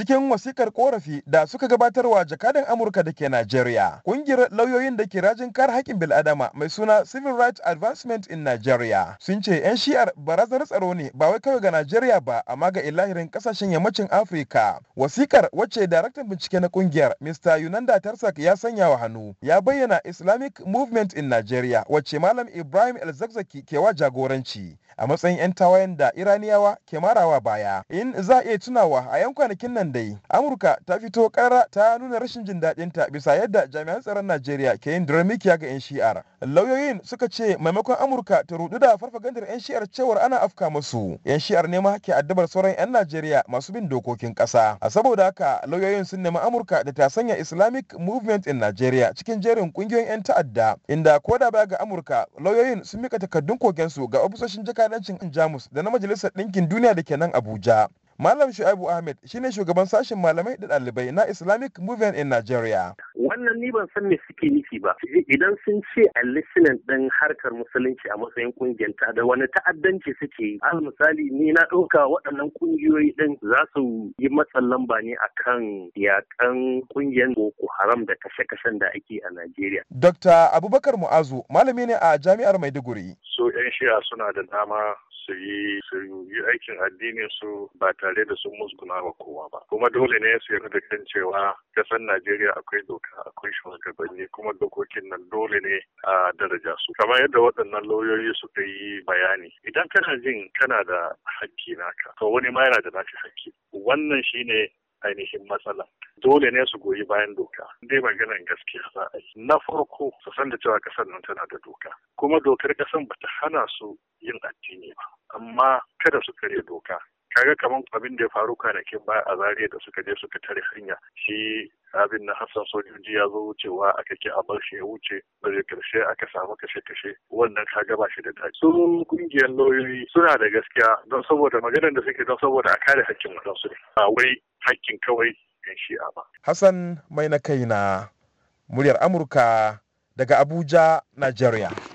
cikin wasikar korafi da suka gabatarwa jakadan amurka da ke nigeria kungiyar lauyoyin da ke rajin kar haƙƙin bil'adama mai suna civil rights advancement in nigeria sun ce 'yan shi'ar barazanar tsaro ne ba wai kawai ga nigeria ba amma ga ilahirin kasashen yammacin afirka wasikar wacce daraktan bincike na kungiyar mr yunanda tarsak ya sanya wa hannu ya bayyana islamic movement in nigeria wacce malam ibrahim elzakzaki ke wa jagoranci a matsayin 'yan tawayen da iraniyawa ke marawa baya in za a iya tunawa a 'yan kwanakin nan da yi. Amurka ta fito kara ta nuna rashin jin daɗinta bisa yadda jami'an tsaron Najeriya ke yin duramikiya ga 'yan shi'ar. Lauyoyin suka ce maimakon Amurka ta rudu da farfagandar 'yan shi'ar cewar ana afka musu. 'Yan shi'ar ne ma ke addabar sauran 'yan Najeriya masu bin dokokin ƙasa. A saboda haka lauyoyin sun nemi Amurka da ta sanya Islamic Movement in Najeriya cikin jerin kungiyoyin 'yan ta'adda inda ko da baya ga Amurka lauyoyin sun mika takardun kogensu ga ofisoshin jakadancin Jamus da na Majalisar Ɗinkin Duniya da ke nan Abuja. Malam Shu'aibu Ahmed ne shugaban sashen malamai da ɗalibai na Islamic Movement in Nigeria. Wannan ni ban san me suke nufi ba. Idan sun ce a listening ɗin harkar musulunci a matsayin kungiyar ta da wani ta'addanci suke yi. Al misali ni na ɗauka waɗannan kungiyoyi ɗin za su yi matsan lamba ne a kan yaƙan ƙungiyar Boko Haram da kashe-kashen da ake a Najeriya. Dr. Abubakar Mu'azu malami ne a Jami'ar Maiduguri. su 'yan shi'a suna da dama su yi aikin addinin su ba tare da sun musguna wa kowa ba kuma dole ne su yarda da kan cewa kasan Najeriya akwai doka akwai shugabanni kuma dokokin nan dole ne a daraja su kamar yadda waɗannan lauyoyi suka yi bayani idan kana jin kana da hakki naka to wani ma yana da naka hakki wannan shine ainihin matsala dole ne su goyi bayan doka dai maganar gaskiya za a yi na farko su san da cewa kasar nan tana da doka kuma dokar kasar bata hana su yin addini ba amma kada su karya doka kaga kamar abin da ya faru kwanakin baya a zariya da suka je suka tare hanya shi abin na hassan sojoji ya zo wucewa aka ke a bar shi ya wuce zai karshe aka samu kashe-kashe wannan kaga ba shi da daji su kungiyar lauyoyi suna da gaskiya don saboda maganar da suke don saboda a kare hakkin wadansu ne a wai haƙƙin kawai shi a ba. Hassan mai na kai na muryar Amurka daga Abuja, Najeriya.